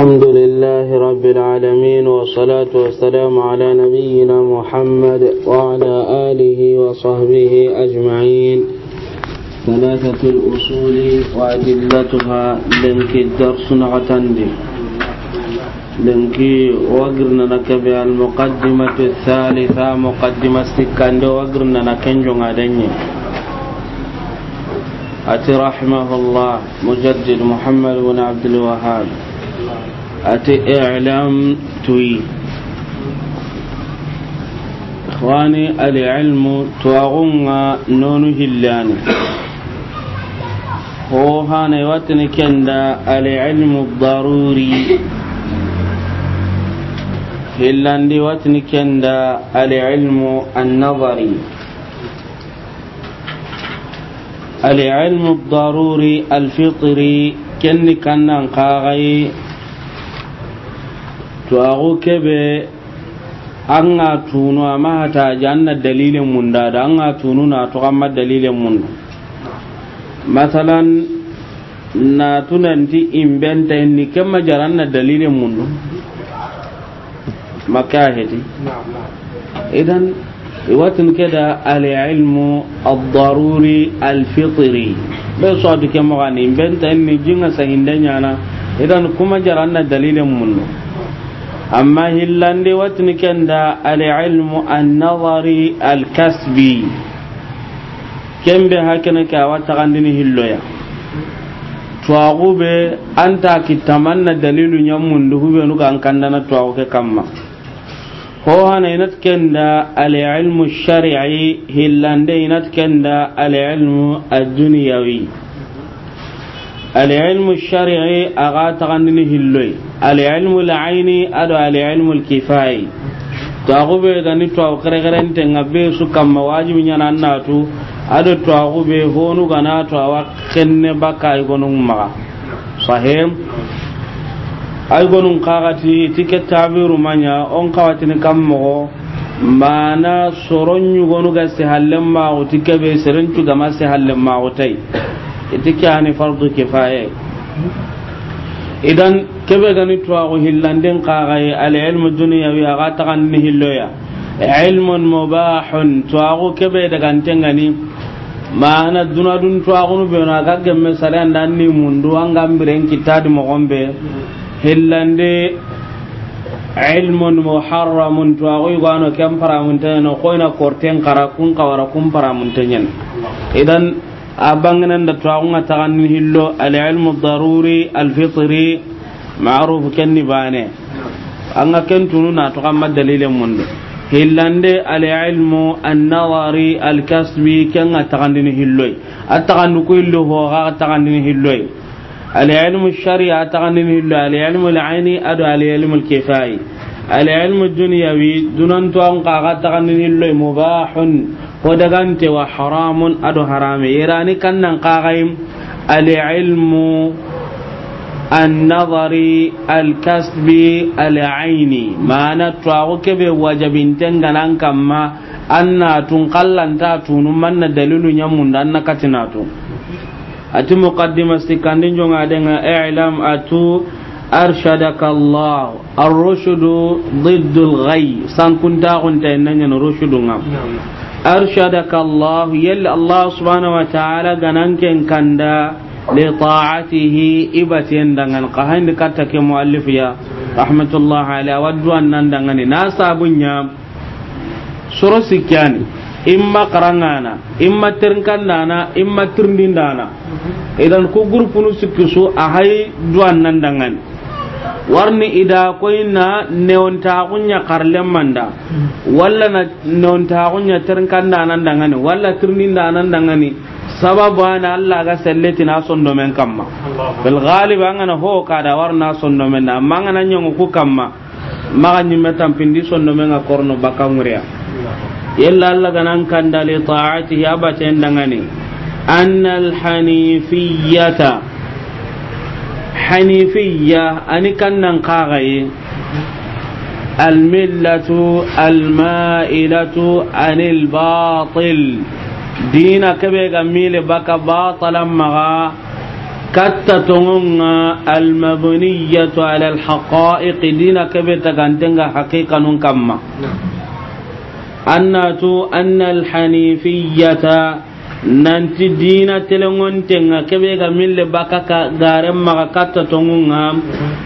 الحمد لله رب العالمين والصلاة والسلام على نبينا محمد وعلى آله وصحبه أجمعين ثلاثة الأصول وأدلتها لنك الدرس نغتندي لنك وقرنا نكبي المقدمة الثالثة مقدمة السكان وقرنا نكنجو غدني أتي رحمه الله مجدد محمد بن عبد الوهاب ati i'lam tuyi ikhwani al-ilmu tuwaqunga nonu hillani hohana watni kenda al-ilmu daruri hillandi watni kenda al-ilmu an-nazari al-ilmu daruri al-fitri kenni kannan kagayi to ago kebe an ga tunu a hata ji an na dalilin mun da da an ga tunu na to amma dalilin mun masalan na tunanti in benta ni kama jaran na dalilin mun maka hedi idan iwatin keda al-ilmu ad-daruri al-fitri bai so duke mawani in benta ni jinga sahindanya na idan kuma jaran na dalilin mun amma hillande watini kenda alilmu annadari alkasbi kembe hakene ke awa tagandini hilloya twaxu be anta kittamanna dalilu ñammundu huɓenu gan kandana twaxu ke kamma ko inat kenda alilmu shari'i hillande inat kenda alilmu adduniyawi alilmu shari'i aga tagandini hilloy al-ilmu al-aini ado al-ilmu al-kifai to agube gani to akare garen te ngabe su kamma wajibi nyana annatu ado to agube honu gana to awakenne baka igonun ma sahim ay gonun kagati tike tabiru manya on kawatini kammo mana soron yugonu ga sihallin ta tike be sirin cugama sihallin ma'u tai ita kyani fardu kifaye idan kebe gani tuwaku hillandin kakaye alilmu duniyawi kan taganni hilloya ilmun mubahun tuwaku kebe da daganten gani mana duna dun tuwakunu beno aga gemme sare andanni mundu angambiren kittadi mogonɓe hillande ilmun muharramun tuwaku ta yana paramunteneno koyna korten kara kun kawara kun ta yana idan abanginan da tuwakunga taganin hillo al'ilmu daruri alfitri ma'ruf kenni bane an ga ken tunu na tukan ma dalilin mundu hillande al'ilmu annawari alkasbi ken ga taganin hilloi a taganin ku hillo ho ga taganin hilloi al'ilmu shari'a taganin hillo al'ilmu al'aini ado al'ilmu al-kifai ali cilmi dunyaafi dunaroon qaqalatan illee mubaaxun waddantan warra haramun adu harame yeraani kan na qaqalani ali cilmi annabari alkaasbi alayayni maana twa kebee wajjabintee gannaanka amma anaatu qal'antaatuun manna dalul nyamunna ana katinatu. ati muqadde masi kandiyuunga adeemu al-qeila'im أرشدك الله الرشد ضد الغي سان كنت أغنت إننا رشد أرشدك الله يل الله سبحانه وتعالى غنانك كندا لطاعته إبتين دنغن قهين كتك مؤلف يا رحمة الله عليه ودو أنن دنغن ناسا بنيا سورة سكياني إما قرانانا إما ترنكانا إما ترندانا إذا كو غروب نسكسو أهي دو أنن دنغن warni ida koyna kunya karlem manda walla na terkan da nan Wala walla da nan ngani sababu ana allah ga do men kamma ghalib an ana ho kada warna do da amma angana ñongo ku kamma son do men sondomenga korno bakkangureya yalla allah ganan kanda li taatihi da ngani annal hanifiyata hanifiyya ani kan nan kagaye almillatu alma'ilatu anil batil dina kabe ga mile baka batalan maga katta tungunga almabuniyyatu ala alhaqa'iq dina kabe ta gantenga haqiqanun kamma anna tu anna alhanifiyyata nanti dina tenga kebe ga mille bakaka garen maga katta tongunga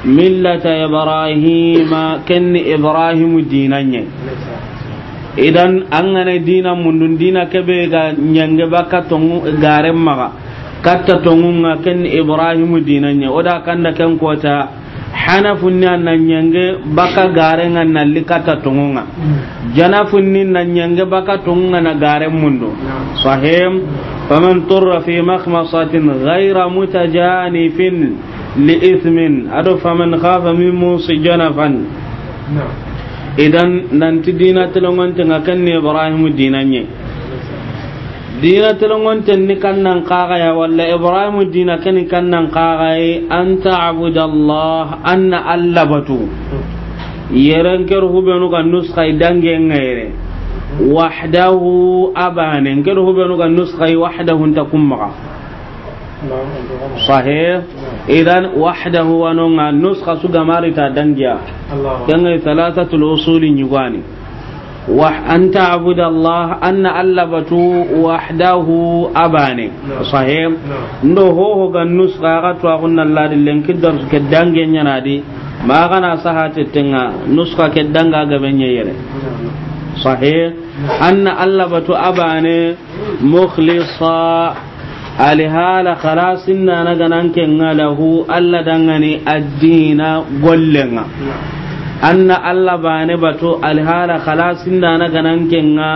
millata ibrahima ken ibrahimu dinanye idan an gane dina mundun dina kebe ga nyange baka tongu garen maga katta tongunga ken ibrahimu dinanye oda kanda ken kota Hana funni na nyange baka gare nga na likata tungunga hmm. funni na nyange baka tungunga na gare mundu hmm. sahim faman turra fi makhmasatin ghayra mutajanifin li ithmin Adu faman khafa min musi janafan hmm. idan nanti dina telongonte nga kanni ibrahimu dinanye dina ten ni kannan ya walla ibrahim dina kan kannan kaagaye an abudallah anna allabatu yeren ker hubenu ga nuskay ngere wahdahu abane ker hubenu kan nuskay wahdahu nta kummaga صحيح إذا وحده ونونا نسخة dangiya تدنجيا دنجي ثلاثة الأصول نيواني an ta'budu Allah anna Allah batu wahdahu abane sahih ndo ho ho gannus ga to agunna Allah dillen kidar ke dange nyanadi ma kana sahate tenga nuska ke danga ga benye yere sahih anna Allah batu abane mukhlisa alihala khalasin na na ganan ken lahu Allah dangane addina gollenga anna allah bane bato alhala khalasin da na ganan kenga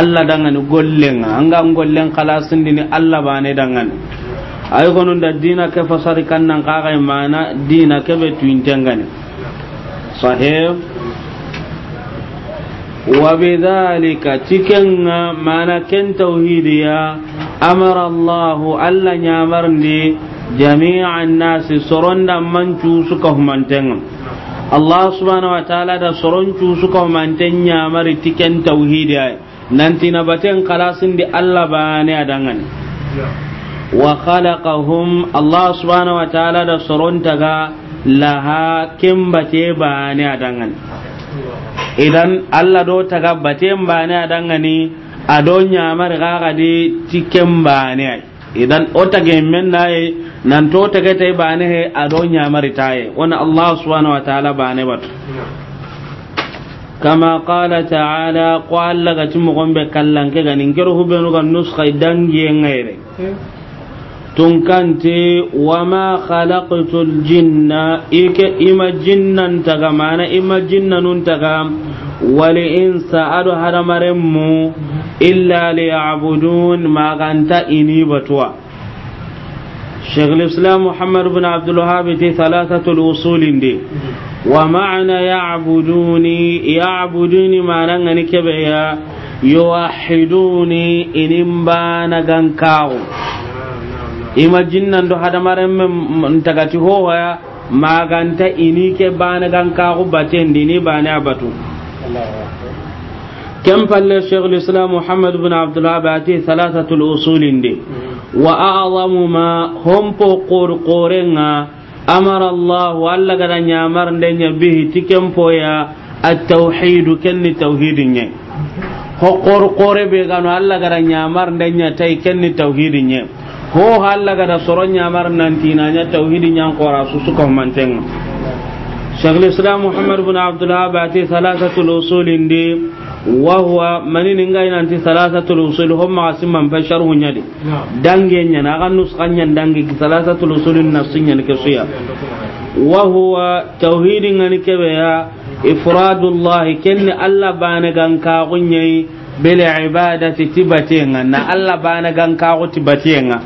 allah dangane gollen anga gollen khalasin dini allah bane dangane ay gonun da dina ke fasari kan nan kaga mana dina ke be tuintengane sahib wa bidhalika cikenga mana ken tauhidiya amara allah allah nyamarndi jami'an nasi soronda mancu suka humantenga allah subhanahu wa ta'ala da soron cusu ka manten nyamari tiken tauhidi ay nanti na baten kalasin di allah a adangan wa khalaqahum allah subhanahu wa ta'ala da soron taga laha kembate a adangan idan allah do taga baten bane adangani ado nyamari gaga di tiken bane ay idan o tage men ye nan to tage tay bane nyaamari ado nyamari taye wana allah subhanahu wa ta'ala Kamaa qaala kama qala ta'ala qala ga timu gombe kallan ke ganin kero hubenu ga nuskha dangi ngere hmm. tunkante wama khalaqtul jinna ike ima jinnan taga mana ima jinnanun taga wali insa adu hadamaren mu illa liya'budun maganta ini batuwa شيخ الاسلام محمد بن عبد الوهاب دي ثلاثه الاصول دي ومعنى يعبدوني يعبدوني ما نغني كبيا يوحدوني إنبانا غنكاو ima jinnan do hadamaren men tagati ho ya maganta ini ke bana gan ka ku baten dini bana abatu kem palle shaykhul islam muhammad ibn abdullah baati thalathatul usul indi wa alamu ma hum po qur qurenga amara allah wa alla gada nyamar ndenya bihi tikem po ya at tauhid ken ni tauhid nye ho qur qore be gano alla gada nyamar ndenya tay ken ni tauhid nye ko halla da soron nyamar nan tinanya tauhidin yan qora su suka manten شيخ الإسلام محمد بن عبد الوهاب أتي ثلاثة الأصول دي وهو من نغاين أنت ثلاثة الأصول هم عاصم من بشر دانجين ينا أغن ين دانجي ثلاثة الأصول النفسين ين كسويا وهو توحيد ين كبيا إفراد الله كن بانغان bil ibadati tibatenga na allah bana gan kago tibatenga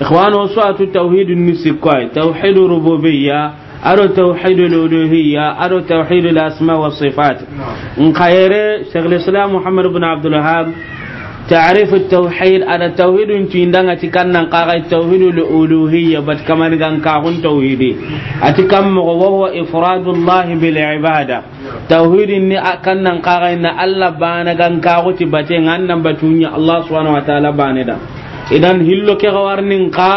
ikhwano so atu tauhidun nisikwai tauhid rububiyya aro tauhid uluhiyya aro tauhid al asma was sifat in khayre shaykh islam muhammad ibn abdul تعريف التوحيد أنا التوحيد أنت عندنا تكنا قاعد التوحيد الألوهية بس كمان كان كاغن توحيدي أتكم وهو إفراد الله بالعبادة توحيد إني كنا قاعد إن الله بانا كان كاغن تبتين عنا بتوني الله سبحانه وتعالى بانا دا إذن هلو كغوارن قا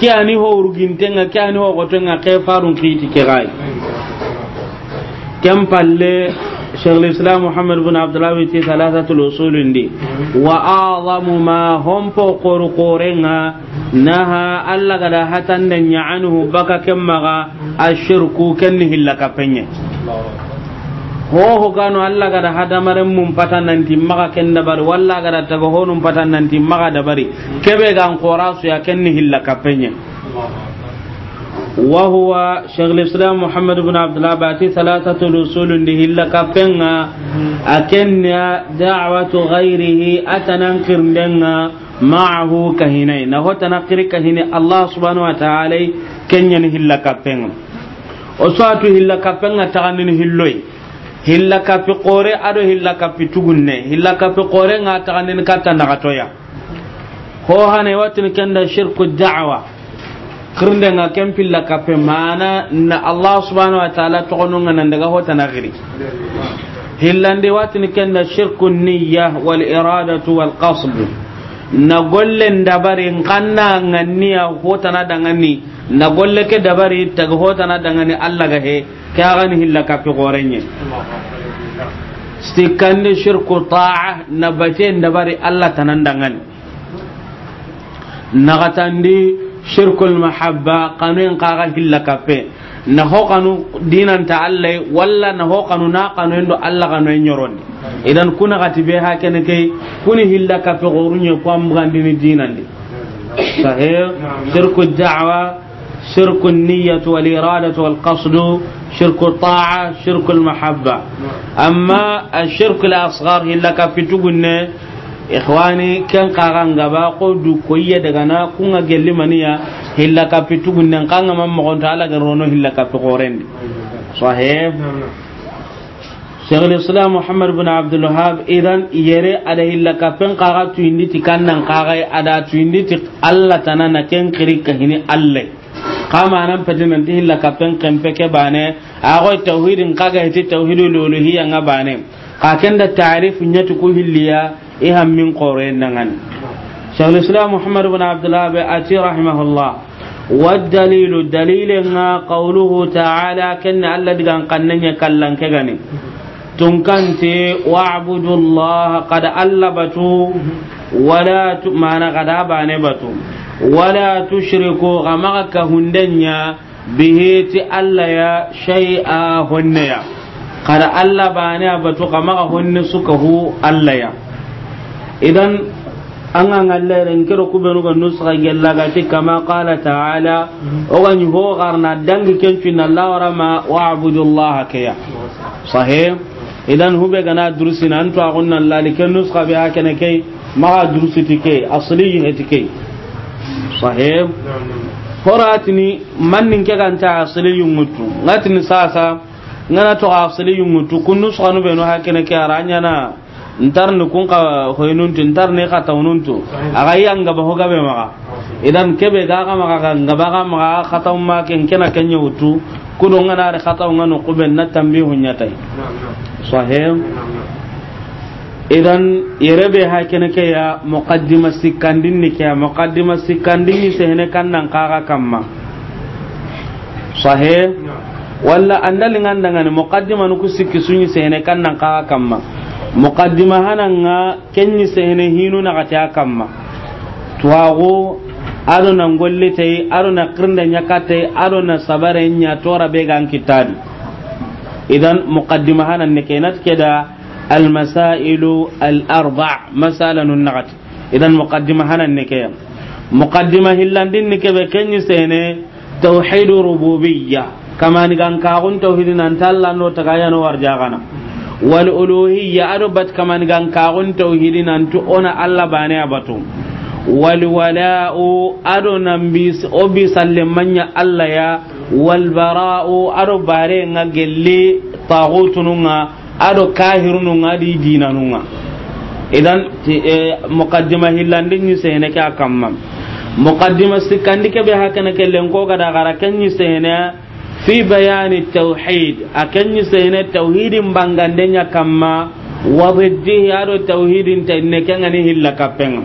كأني هو رجنتنا كأني هو قتنا كفارون كريتي كغاي كم بالله شيخ الإسلام محمد بن عبد الله في ثلاثة الأصول دي وأعظم ما هم فقر قورنا نها ألا قد هتن عنه بك كما الشرك كنه لك فنيا hoho gano Allah gada hadamaren mun patan nanti maga ken dabari walla gada taga honum patan nanti maga dabari kebe gan qora su ya kenni hilla kapenya وهو شغل الإسلام محمد بن عبد الله باتي ثلاثة الأصول له لكفنا أكن دعوة غيره أتننكر لنا معه كهنين نهو تنكر كهنين الله سبحانه وتعالى كن ينهي لكفنا وصاته لكفنا تغنين هلوي hilla kapi kore ado hilla في tugunne hilla kapi kore nga taganin katta هو ho واتن كن kenda shirku da'wa Kirinde nga ken pilla kafe, mana na allah subhanahu wa ta'ala togonu nga nan daga hota na giri hillande ni kenna shirku niyya wal iradatu wal qasd na golle dabari nkanna nga niya hota na dangani na golle ke dabari taga hota na dangani allah ga he gani hilla kappe gorenye stikande shirku ta'a na bate dabari allah tanan dangani nagatandi shirkul mahabba kanun kaga hilla kafe na hokanu dinan ta Allah walla na hokanu na kanu endo Allah kanu nyoron idan kuna gati be hakene kai kuni hilla kafe gorunye ko am gandini dinan di sahih shirku da'wa شرك النية والإرادة والقصد شرك الطاعة شرك المحبة أما الشرك الأصغر هي لك في تقولنا ikhwani ken kagan gaba ko du koyya daga na kunga gelli maniya hilla kapi tugun nan kanga mam mo ta ala garono hilla kapi qoren sahib Shaykhul Islam Muhammad bin Abdul Wahab idan yere ada hilla kapen tu indi tikan nan kaga ada indi tik Allah tanana ken kiri kahini Allah kama nan fadin nan ti hilla kapen kan ke bane ago tauhidin qaga ti tauhidul uluhiyya nga bane ka kenda ta'rif nyatu ku hilliya iham min qore nangan shahul islam muhammad ibn abdullah bi ati rahimahullah wa dalilu dalilin ga qawluhu ta'ala kanna alla digan kannanya kallan ke gani wa wa'budullaha qad alla batu wala tu mana qadaba ne batu wala tushriku gamaka hundanya bihiti alla ya shay'a hunniya qad alla bani batu gamaka hunni suka hu allaya. idan an ga ngallaren kero kubenu ga nusra gella ga ti kama qala ta'ala mhm. o ga ni ho garna dangi kencu na lawara ma wa abudullah kaya sahih idan hube gana na durusi na antu agun nan lalikan nusra bi hakana kai ma durusi tike asli ti tike sahih horatini nin ke ganta asli yumutu ngatini sasa ngana to asli yumutu kunnu sanu be no na kai aranya na ntar nu kun ka hoynun ntar ne ka tawnun tu aga yang ga ba hoga be maga idan kebe ga ga maga ga ga ba ga maga ka taw ma ken kena kenya utu kudo ngana re ka taw ngano kube na tambihun nyatai sahem idan yerebe ha kene ke ya muqaddima sikandin ni ke ya, muqaddima sikandin ni sehne ka kaga kamma sahem ya. walla andal ngandangani muqaddima nuku sikki sunyi nan ka kamma muqaddima hananga kenni sehne hinu na gata kamma tuwago ado na ngolle tay ado na kirnda nyakate ado na sabare nya tora be gan kitadi idan muqaddima hanan ne kenat keda al masailu al arba masalan nagat idan muqaddima hanan ne kaya muqaddima hillandin ne kebe kenni sehne tauhid rububiyya kama ni gan ka gun tauhidin an no tagaya no wal uluhiyya ado bat kaman gan kagun tauhidi nan tu ona allah bane abatu wal wala'u adu nan bi obi manya allah ya wal bara'u adu bare nga gelle tagutununga adu kahirununga di dinanunga idan e, muqaddima hillandin ni sene ka kamma muqaddima sikandike be hakana kellen ko gada gara kan ni sene fi bayani tauhid akan sayne tauhidin bangandenya kama wa riddihi ado tauhidin ta ne kan ani hilla kapenga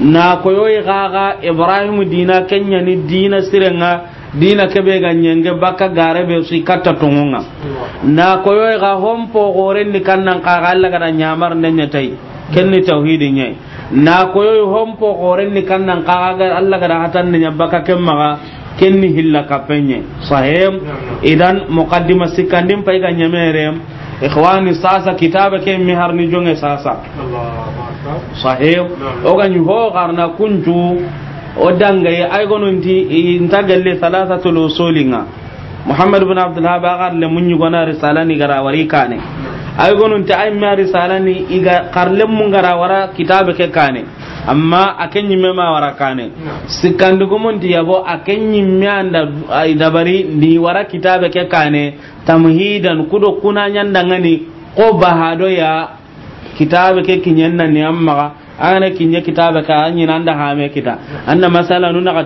na koyoy gaga ibrahim dina kenya ni dina sirenga dina kebe ga baka gare be su katta tungunga na koyoy ga hompo gore ni kannan kaga Allah ga nyamar nenya tai kenni tauhidin ne na koyoy hompo gore ni kannan kaga Allah ga hatan ne baka kemma kenni hilla kapenye sahem idan muqaddima sikandim pai ga nyamere ikhwani sasa kitaba ke mi harni jonge sasa sahem o ga nyu ho garna kunju o danga ye ay gono nti intagalle salasatul usulinga muhammad ibn abdul haba gar le munyu gona risalani gara wari kane ay gono nti ay mari salani iga karlem mun gara wara kitabe ke kane amma akan yimme ma warakane sikandi gumunti yabo akan yimme an dabari ni wara kitabe ke kane tamhidan kudo kuna nyanda ngani ko bahado ya kita kitabe ke kinyanna ni amma ana kinye kitabe ka anyi nanda hame kita anna masala nu an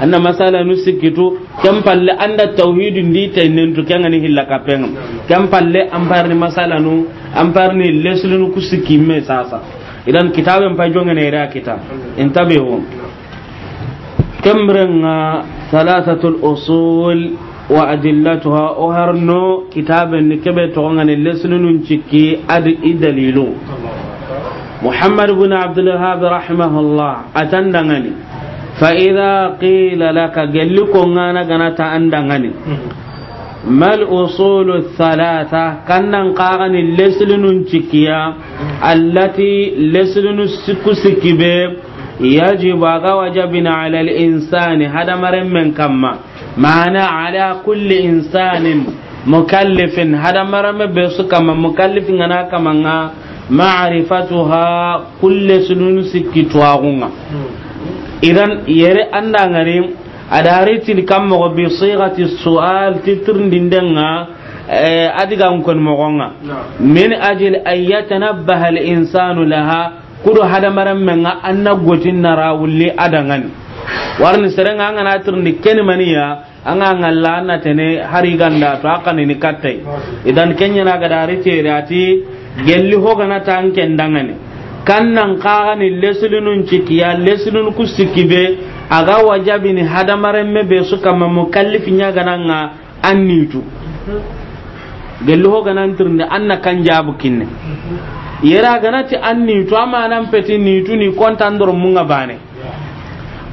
anna masala nu sikitu kam palle anda tauhidin di tainen to kan ani hilla kapen kam palle ni masala nu ku leslunu me sasa idan kitabin fa jonga ne ra kita intabihu kamrenga thalathatul usul wa adillatuha o harno kitaben ni kebe togonga ne lesnunun cikki ad محمد بن عبد الوهاب رحمه الله أتندغني فإذا قيل لك قل لكم أنا أندغني mal usulu thalatha kannan qagani leslunun cikiya allati leslunu sikku sikibe yajibu aga wajabina ala al-insani hada maren men kamma ma'ana ala kulli insanin mukallifin hada marame be su kama mukallifin ngana kama nga ma'rifatuha kulli sunun sikki tuwagunga idan yere anda ngari adaritini kammogo bi sigati sual titirndindenga eh, adigan kon mogonga min ajil an yatanabbaha al insanu laha kudu hadamaren menga anna gotin nara wulli warni serenga anga na tirndi keni maniya anga ngalla na tene hari ganda to akani ni kattai idan kenya na gadari tere ati gelli tan kendangani kannan kaani leslinun cikiya lesilun ku sikibe aga wajabini hadamaremme be su kama mukallifi ñagananga an nitu gelli ho ganantirnde an na kan jabu kinne yera ganati an nitu amanan peti nitu ni kontandoro munga bane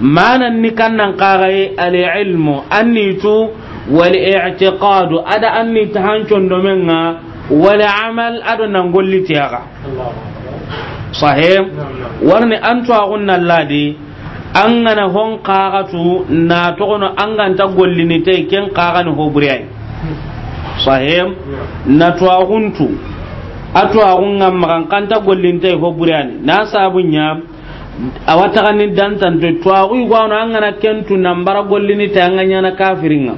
manan ni kannan kagaye alilmu an nitu والاعتقاد أدا أني تهانشون دومنا والعمل أدا نقول sahih warni an to agunna ladi an gana hon qagatu na to gono an ganta gollini tay ken qagani ho buriyai sahih na to aguntu ato agun ngam makan kanta gollini te ho buriyani na sabunya awata kan dan tan to to agu gwano an gana kentu nambara gollini tay an ganya na kafirin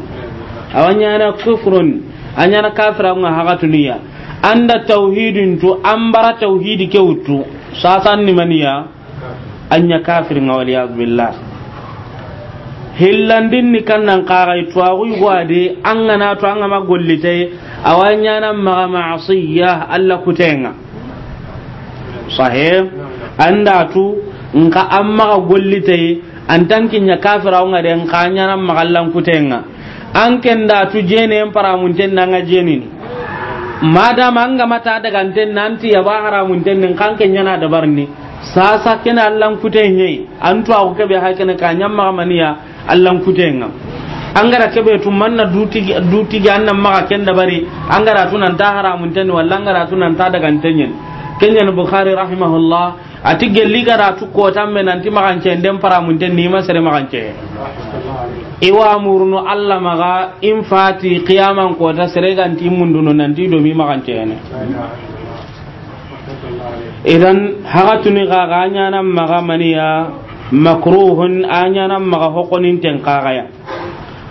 awanya na kufrun anya na kafira nga hagatuniya anda tauhidin to an bara tauhidi ke sasan ni maniya anya kafir ngawali billah hillandin ni nan qarai tuwawi gwade an gana to an ma gollite awanya nan ma ma'siyya Allah kutenga sahib anda tu nka amma gollite an tankin ya kafira nga de nkanya nan kallan kutenga an kenda tu jene en paramunten nga jenini madama manga mata ta daga nanti ya ba haramun den nan kan kenya na dabar ni sasa kina Allah kuten yi an to aku kebe hakene ka nyamma maniya allan kuten ngam an kebe tun manna duti duti ga annan maka ken bari an gara tunan ta haramun ten wallan angara gara tunan ta daga yin kenya bukhari rahimahullah ati gelli gara tu ko tamme nanti makan cen den paramun ten ni ma makan cen iwa murnu allah maga in fati qiyaman ko ta ti munduno nanti domi magantene idan hagatuni kaga nan maga maniya makruhun nan maga hokonin ten kagaya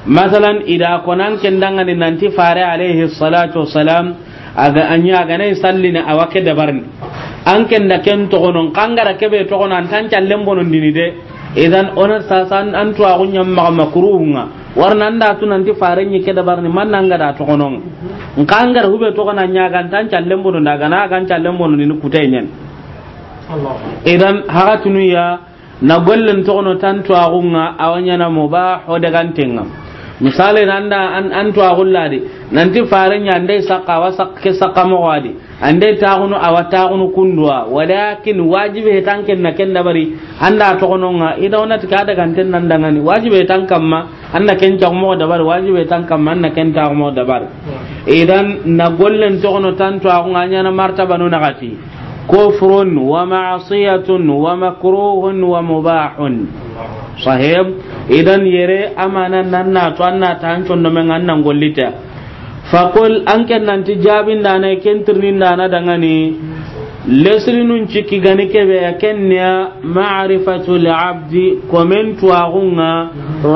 masalan ida konan ni nanti fare alaihi salatu wassalam aga anya aga nay na awake dabarni an kenda ken gonon kangara kebe togonon tan challen bonon dinide de idan ona sasan an tuwa gunya maka makruhunga warna anda tunan ti faran yake da barni man nan ga da to konon in ka an gar hube to kana nya gan tan challen bono daga na kan challen bono ni kutai nyen idan haka tunu ya na gollen to kono tan tuwa kunga awanya na mubah o daga tenga misali nan da an an to agulla di nan ti farin ya ndai saka wa sakke saka mo wadi andai ta gunu awata hunu kunduwa walakin wajibi he tanken na ken dabari anda to hono nga ida onat ka daga tan nan daga ni wajibi tan ma anna ken ta mo dabar wajibi tan kamma anna ken ta mo dabar hmm. idan na gollen to hono tan to agunga nya na martaba no na gati كفر ومعصية ومكروه ومباح صحيح idan yere amana nan na to an na ta hancon da men annan gollita faqul an ken nan ti jabin da na ken tirnin da na daga ne lesrinun ciki gani ke be ya ken ne ma'rifatu al-abdi comment wa gunga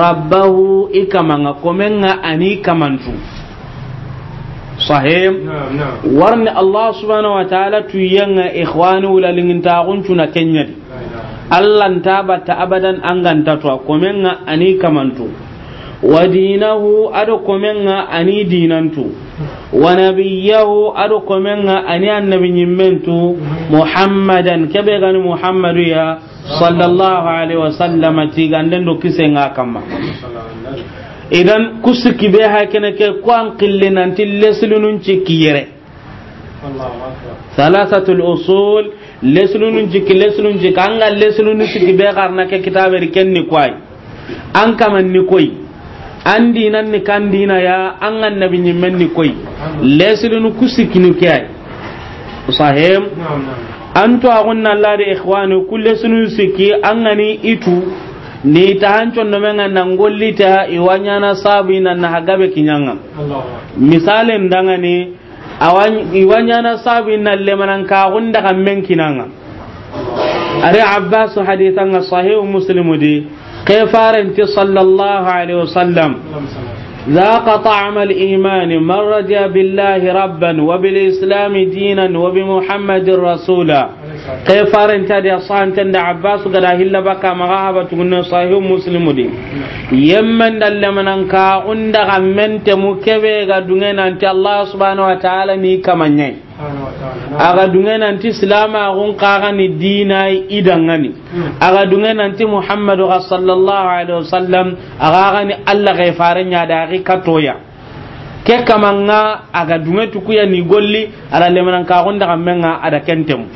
rabbahu ikamanga komen sahim warni allah subhanahu wa ta'ala tu yanga Ikhwanu wala linginta kuncu na kenya allah nta batta abadan anganta to komenga ani kamantu wa dinahu ado komenga ani dinantu wa nabiyahu ado komenga ani annabi nyimmentu muhammadan kebe gani muhammadu ya sallallahu alaihi wasallam tigande ndo kisenga kama idan kusiki be ha kene ke ko an qille nan tileslunun ci kiyere salasatul usul leslunun ci leslunun ci kanga leslunun ci be garna ke kitabe ni kwai an kaman ni koi an dinan ni kan dina ya an annabi ni men ni koi leslunun kusiki ni kai sahim an to agunna Allah da ikhwani kulleslunun siki an gani itu ni tahancon no men na ngollita iwanyana sabu ina na na hagabe kinyanga misalen danga ni iwanya na sabi na lemanan ka gunda kan men kinanga ari abbas hadithan sahih muslim di qifaran ti sallallahu alaihi wasallam ذاق طعم الإيمان من رجى بالله ربا وبالإسلام دينا وبمحمد رسولا kai faranta da ta da abbas gada hilla baka maga haba tugunna sahih muslimu di yemman dalle ka unda gamente mu kebe ga dunga nan ta allah subhanahu wa ta'ala ni kamanye aga dunga nan ti islama gun qaga ni dina idangani aga dunga nan ti muhammadu sallallahu alaihi wasallam aga ni allah gay faranya da ga katoya ke kamanga aga dunga tukuya ni golli ala lemanan ka gonda kamenga ada kentem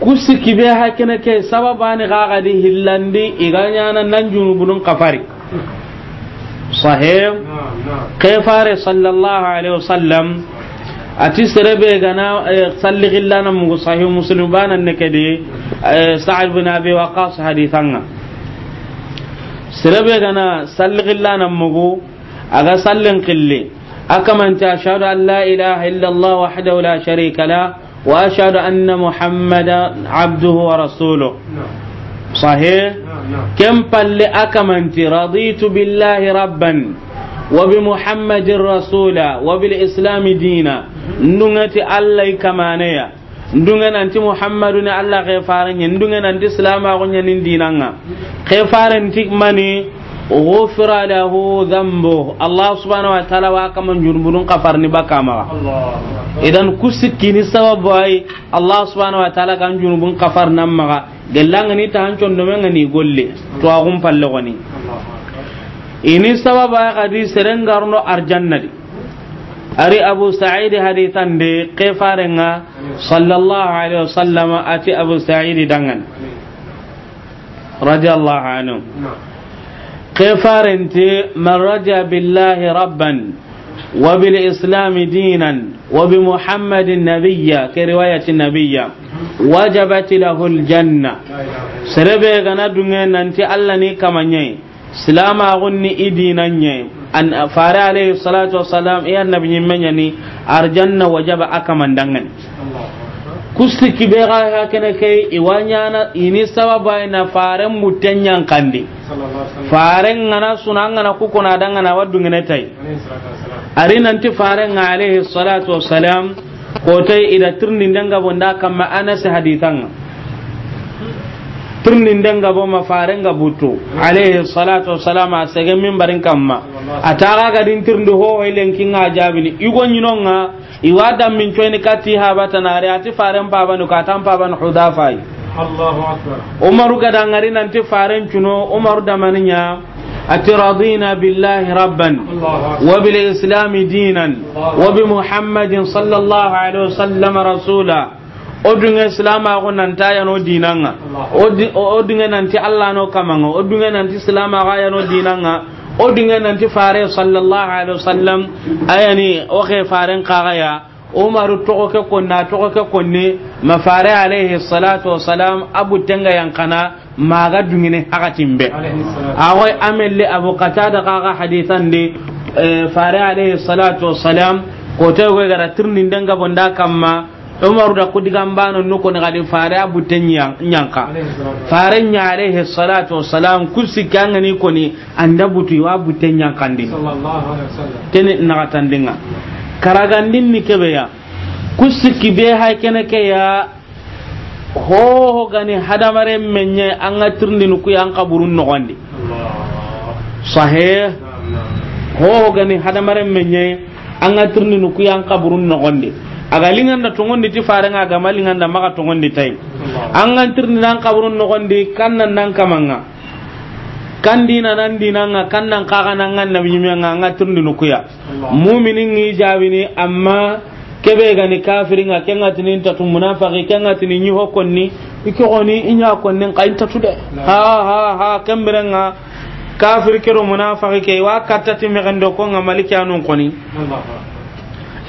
kusi kibe ha kene ke sababani ga ga di hillandi iganya nan nan bunun kafari sahih kafare sallallahu alaihi wasallam ati serebe gana eh, salli gillana mu sahih muslim bana ne kede eh, sa'id bin abi waqas hadithanga serebe gana salli gillana mu aga sallin qille akamanta ashhadu an la ilaha illa allah wahdahu la sharika la wa ashhadu anna muhammadan abduhu wa rasuluhu صحيح كم قال أكمنت رضيت بالله ربا وبمحمد رسولا islam دينا نغت الله كمانيا ndunga nanti muhammadu ne allah ke faran yin ndunga nanti islamu agunya nin dinanga ke faran ti mani غفر له ذنبه الله سبحانه وتعالى وكما جنبون قفرني بكما اذا كسكيني سبب اي الله subhaana وتعالى كان جنبون قفرنا مغا gelangani ta hancon do mengani golle to agum palle goni ini sababa kadi serengarno arjanna di ari abu sa'id hadithan de qifarenga sallallahu alaihi wasallam ati abu sa'id dangan anhu kefarenti maraja billahi rabban wa bil islami dinan wa bi muhammadin nabiyya ke riwayati nabiyya wajabati janna aljanna serebe gana dunge nanti alla ni kamanye silama gunni idinanye an fara alayhi salatu wa salam iya nabiyin menyani arjanna wajaba akamandangan kusti ke ne kai na ini sababa na faren mutanyan kandi faren ngana sunan ngana ku na danga na waddu ngene tai ari ti faren alaihi salatu wassalam ko tai ida tirni danga bonda kama anas hadithan nden ga bo mafare ga butu alayhi salatu wassalamu a sege min barin kamma ataga ga din tirndu ho helen kinga jabini igo nyinonga iwa dam min coyni kati habata nare ati faren babanu baba babanu hudafai Allahu akbar umaru ga nan ti faren cuno umaru damaninya ati radina billahi rabban wa bil islam dinan wa bi muhammadin sallallahu alaihi wasallam rasula o dunga islama ko nan ta yano dinanga o nanti allah no kamanga o nanti nan ti islama ga yano dinanga o nanti nan fare sallallahu alaihi wasallam ayani o ke faren kaga ya umaru togo ke konna togo ke konne ma fare alaihi salatu wasalam abu tenga yankana maga dungine a be awai amelle abu qatada kaga hadithan de eh, fare alaihi salatu wasalam ko tayo gara tirnin danga bonda kamma umaru da kudigan banon nuko na gani fare abute nyanka fare nya alaihi salatu wassalam kusi kangani ko ni anda butu wa bute nyanka ndi kene na katandinga karagandin ni kebe ya kusi kibe hay kene ke ya hoho gani hadamare menye an ga nuku an kaburun nogondi sahe hoho gani hadamare menye an ga nuku an kaburun nogondi aga linganda di ti farenga aga malinganda maka tongondi tai an gantirni nan kaburun nogondi kannan nan kamanga kandina nan dinanga kannan nan nan nabi nyimanga ngatirni nukuya mu'minin ngi jawini amma kebe gani kafiringa kenga tinin tatu munafiki kenga tinin nyi hokonni ikogoni inya konni kain tatu de ha ha ha kafir kero ke wa katati me gando ko koni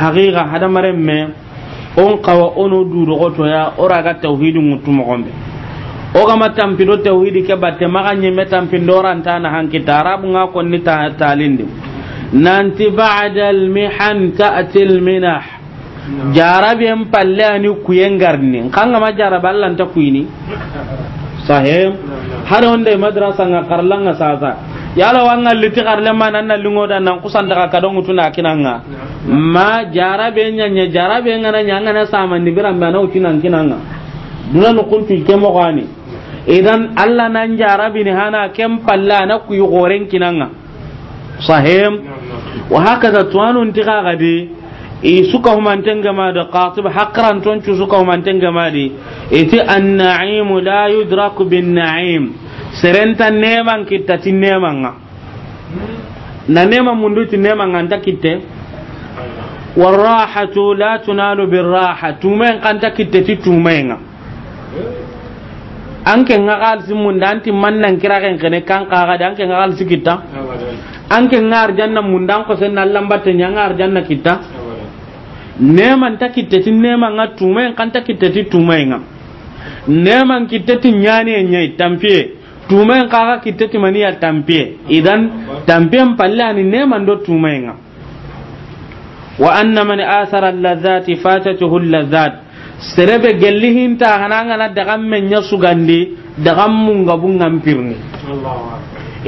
haqiqa hadamaren me on kawa ono durogoto ya ora ga tauhidi mutu mogombe o gama tampindo tauhidi ke batte maga nyeme tampindo oranta na hankita arabu nga konni ta talindi nanti ba'da al-mihan ta'ti minah jarabe en palle ani kuyengarni kanga ma jaraba Allah ta kuyini sahem har onde madrasa nga karlanga sasa yala wanga liti karle man anna lingo da nan kusan daga kadon na kinanga ma jarabe nya nya jarabe ngana nya ngana sama ni biran ma nau kinan kinanga duna no kuntu ke mo gani idan allah nan jarabi ni hana kem palla na ku yoren kinanga sahem wa hakaza tuanun tiga gadi i suka humanten gama da qatib hakran ton cu suka humanten gama di iti an-na'im la yudraku bin-na'im serenta neman kitta ti neman nga na neman mundu ti neman nga anta kitte warrahatu la tunalu birraha tumen kanta kitte ti tumen nga anke nga galsi munda anti mannan kira ken kene kan kaga da anke nga galsi kitta anke nga arjanna munda ko sen Allah batte nya nga arjanna kitta neman ta kitte ti neman nga tumen kanta kitte ti tumen nga neman kitte ti nyane nyai tampie tumayin kaga kitte timaniya tampiye idan tampiyen ni ne neman do tumayin ga wa anna man athara allazati fatatuhu allazat serebe gelli ta hananga na daga men nya sugandi daga mun gabun bun ngampirni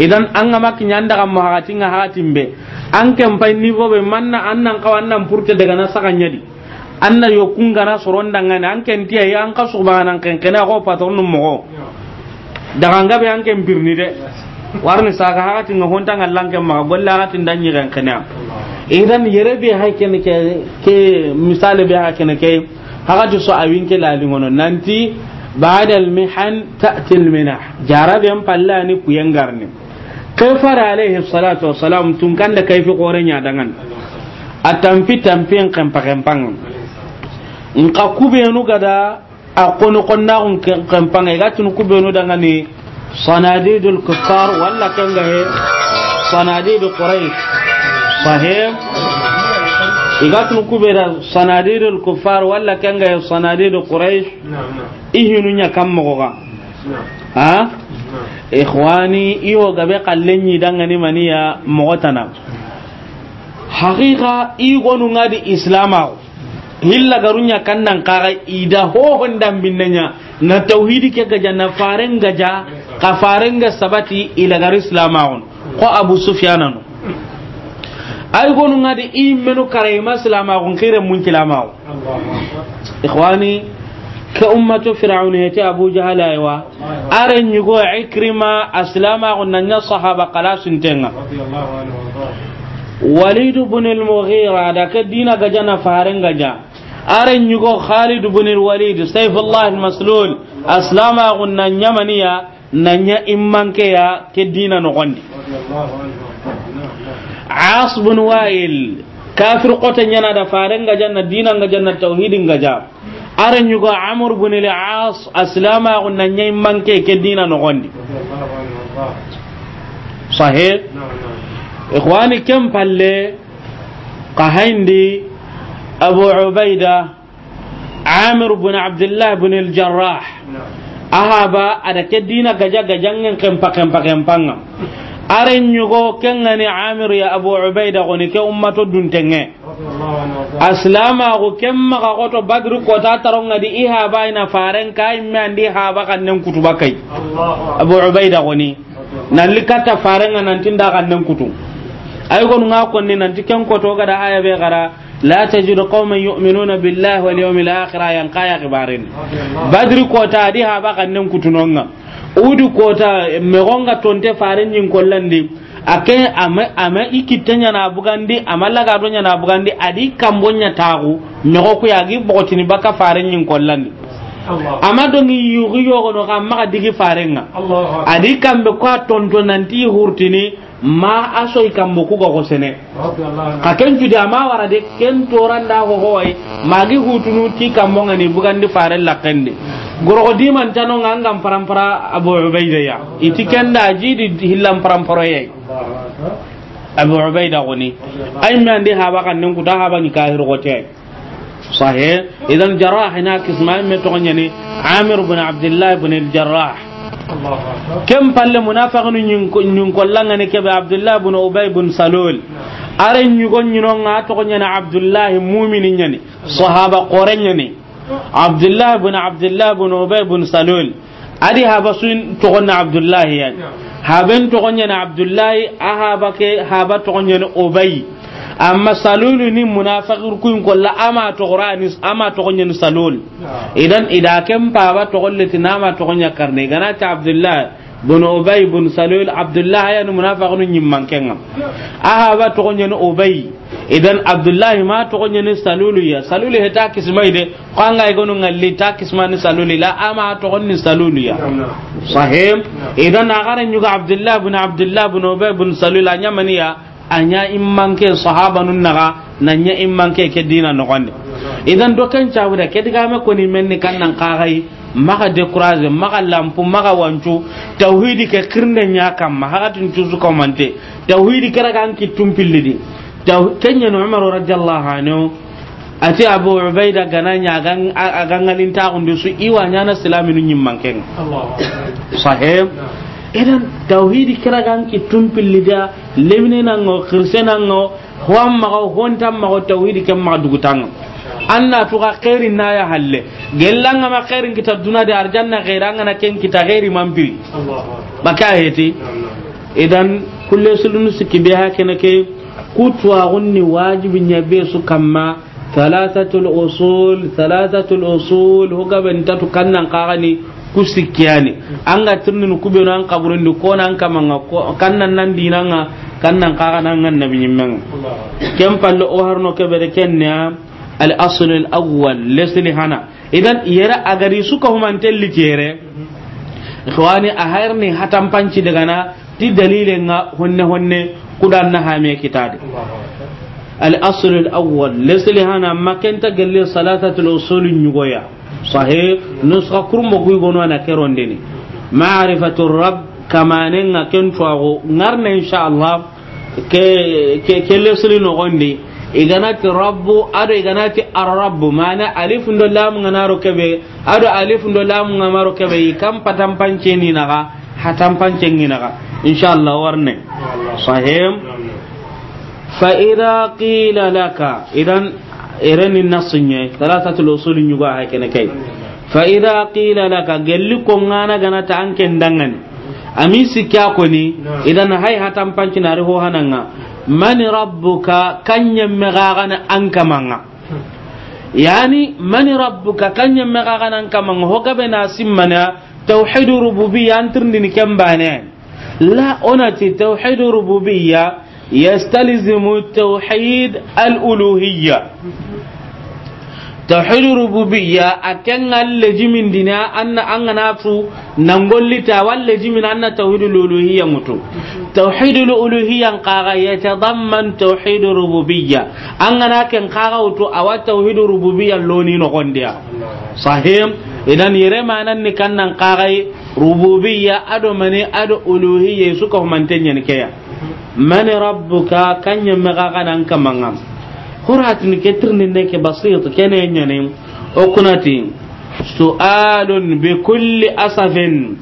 idan an ga makin nya daga mu nga hatin be an kan fai ni bobe manna annan ka wannan furta daga na sakanya di anna yo kungara soron dangane an kan tiya an ka subhanan kan kana ko patronum mo daga nga be anke mbirni de warni saka hakati no honta ngallan ken ma golla ha hakati danyi kan kenya idan yere be ha ke ke misale be ha ke ke ha ga hakati so awin ke lali ngono nanti ba'da al-mihan ta'ti al-minah jarabe an pallani kuyengarni kafara alaihi salatu wassalam tun kan da kaifi qorenya dangan atam atamfi tamfin kan pakan pangan in ka kubenu gada a kono konna kun kan panga ga tun ku be no daga ni sanadidul kuffar walla kan ga he sanadidul quraish sahih igatun kube da sanadidul kuffar walla kan ga he sanadidul quraish ihinu nya kam mo ga ha ikhwani iwo gabe kallenyi daga ni maniya mogotana haqiqa i gonu ngadi islamaw hilla garunya kannan kaga ida ho hondan binnenya na tauhidi ke gaja na faren gaja ka faren ga sabati ila gar islamaun ko abu sufyanan ay gonu ngadi imenu karayma islamaun kire mun kilamaw ikhwani ka ummatu fir'auna ta abu jahal aywa aran yugo ikrima aslama ya sahaba qala tenga walid ibn al-mughira da ka dina gaja na gaja aren yugo khalid ibn al-walid sayfullah al-maslul aslama gunna nyamaniya nanya immanke ya ke dina no gondi as ibn wa'il kafir qota nyana da farenga janna dina nga janna tauhidin ga ja aren yugo amr ibn al-as aslama gunna nya immanke ke dina no gondi sahih ikhwani kam palle qahindi أبو عبيدة عامر بن عبد الله بن الجراح أهابا أنا كدينا كجا كجنن كمبا كمبا كمبا أرن يغو كنغني عامر يا أبو عبيدة كأمة أمة دنتنغي أسلاما غو كم غوتو بدر قوتا ترون دي إيها باينا فارن كاي من دي هابا كنن كتبكي أبو عبيدة غني نالي كتا فارن نانتين دا كنن كتب أيغو نغا كوني نانتي كم كتو غدا آيا بي la tajidu qauman yu'minuna billahi wal yawmil akhir yan qaya gibarin badri kota ta di ha ba kannen kutunonga udu ko ta me gonga tonte farin nyin kollandi ake a ama ikitanya na bugandi amalla ga donya na bugandi adi kambonya tagu me ko ku yagi bokotini baka farin nyin kollandi amma dongi yugi yogono ka maga digi farenga adi kambe ko tonto nanti hurtini ma asoy kambo ku gogo sene ka ken judi ama wara de ken toran da go hoy magi hutunu ti kambo ngani bugandi fare lakende gorogo diman tano ngangam parampara abu ubaida ya iti hillam parampara yai abu ubaida goni ay man de haba kan nan kuda haba ni kahir gote sahih idan jarrah hina kisma me to ngani amir ibn abdullah ibn al jarrah kem palle munafiqun nyun kollanga ne kebe abdullah ibn ubay ibn salul are nyugon nga to nyana abdullah mu'minin nyani sahaba qore nyani abdullah ibn abdullah ibn ubay ibn salul adi ha basun to gonna abdullah yani haben to gonna abdullah ahaba ke haba to gonna ubay amma salulu ni munafiqur kun kolla ama to qur'ani ama to gonya salul idan ida kem ba to golle ama to gonya karne gana ta abdullah bin ubay bin salul abdullah ya munafiqun nyim mankeng aha ba to gonya ubay idan abdullah ma to gonya salulu ya salulu heta kismai de qanga igonu ngalli ta kismani salulu la ama to gonni salulu ya sahib idan agaran yuga abdullah bin abdullah bin ubay bin salul anya maniya anya immanke sahaba nun naga nanya immanke ke dina no gonde idan do kan chawda ke diga me koni menni kan nan kagai maka découragé maka lampu maka wancu tauhidi ke kirnde nya kam maka tun tuzu ko mante tawhidi kara kan ki tumpilidi taw kenya no umar radhiyallahu anhu ati abu ubaida gananya gan agan ta su iwa nya na islamin nyimmanken allah sahib idan tauhidi kira kan ki tumpilli da lemne nan khirse kirsen nan go hon ma go hon ma tauhidi kan ma dugutan anna to ga khairin na ya halle gellan ma khairin kita duna da arjanna khairanga na ken kita khairi mampiri maka heti idan kulle sulun suki be hakene ke kutwa gunni wajibi nyabe su kamma thalathatul usul thalathatul usul huga bentatu kannan qagani kusikkiyani anga tirni ku be nan kaburin di ko nan kamanga ko kannan nan dinanga kannan kaga nan nan nabi nyimmen kem pallo o harno ke bere kenya al asl al awwal lesli hana idan yera agari suka humantelli kere ikhwani a hayarni hatan panci daga na ti dalilin nga honne honne kudan na hame kitade al asl al awwal lesli hana makenta galle salatatul usul nyugoya sahih nusra kurmo guy gono na keron deni ma'rifatu rabb kamane nga ken tuago ngarna insha Allah ke ke ke lesli no gondi iganati rabbu ado iganati arrabbu mana alif ndo lam ngana ro kebe ado alif ndo lam ngama ro kebe kam patam panceni naga hatam panceni ga insha Allah warne sahih fa idha qila laka idan Ere ni talatatu lusuli nyuga ha kene kai fa idha qila laka gelli ko ngana gana ta'an anke ndangani ami sikya ko ni idan hay hatan panci nare ho hananga man rabbuka kanyem megana anka manga yani man rabbuka kanyem megana anka manga ho gabe na simmana tauhid rububiyya antirni ni kembane la onati tauhid rububiyya يستلزم التوحيد الألوهية توحيد الربوبية أكن اللجي من دنا أن أنغناتو نقول لتا واللجي من أن توحيد الألوهية متو توحيد الألوهية قاغا يتضمن توحيد الربوبية أنغنا كن قاغا وتو أو توحيد الربوبية اللوني نغنديا صحيح idan yere manan ni kannan qagai rububiyya ado mani ado uluhiyya su ko mantenya ni kaya man rabbuka kanya maga kanan kamanga huratin ni ne ke basit kene nyane okunati su'alun bi kulli asafin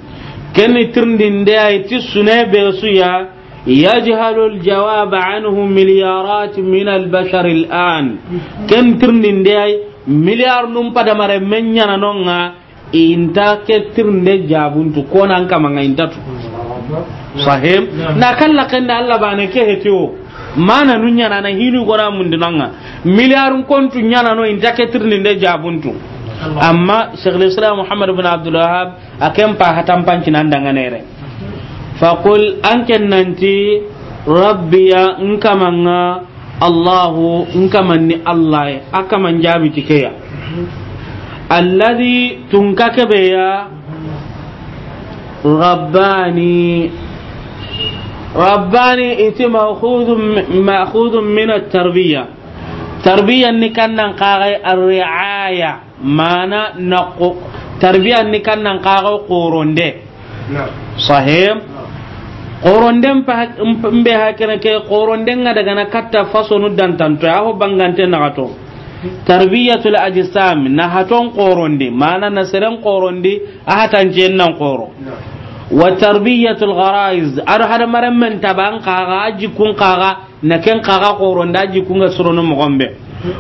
kene tirndi de ay ti sune be suya يجهل الجواب عنه مليارات من البشر الآن كم ترنين دي miliyar num padamare men ñana nonga inta ke tirnde jabuntu konan kamanga intatu sahim na kalla kenda allah ne ke hetiwo mana nu ñana na hinu gona mundinanga miliyar kontu ñana no inta ke tirnde jabuntu amma cheikh l'islam muhammad ibn abdul wahab akem pa hatam pancinan danganere faqul anken nanti rabbiya nkamanga الله نكمن الله أكمن جابي تكيا الذي تنكك بيا رباني رباني إت مأخوذ مأخوذ من التربية تربية نكنا قاغي الرعاية مانا نقو تربية نكنا قاغي قورون دي نعم. صحيح qoronden pa mbe ha kene ke qoronden ga daga na katta fasonu dantanto ya ho bangante na gato tarbiyatul ajsam na haton qorondi mana na seren qorondi a hatan nan qoro wa tarbiyatul gharaiz ar hada maran men taban kaga ajikun kaga na ken kaga qoronda ajikun ga surono mogombe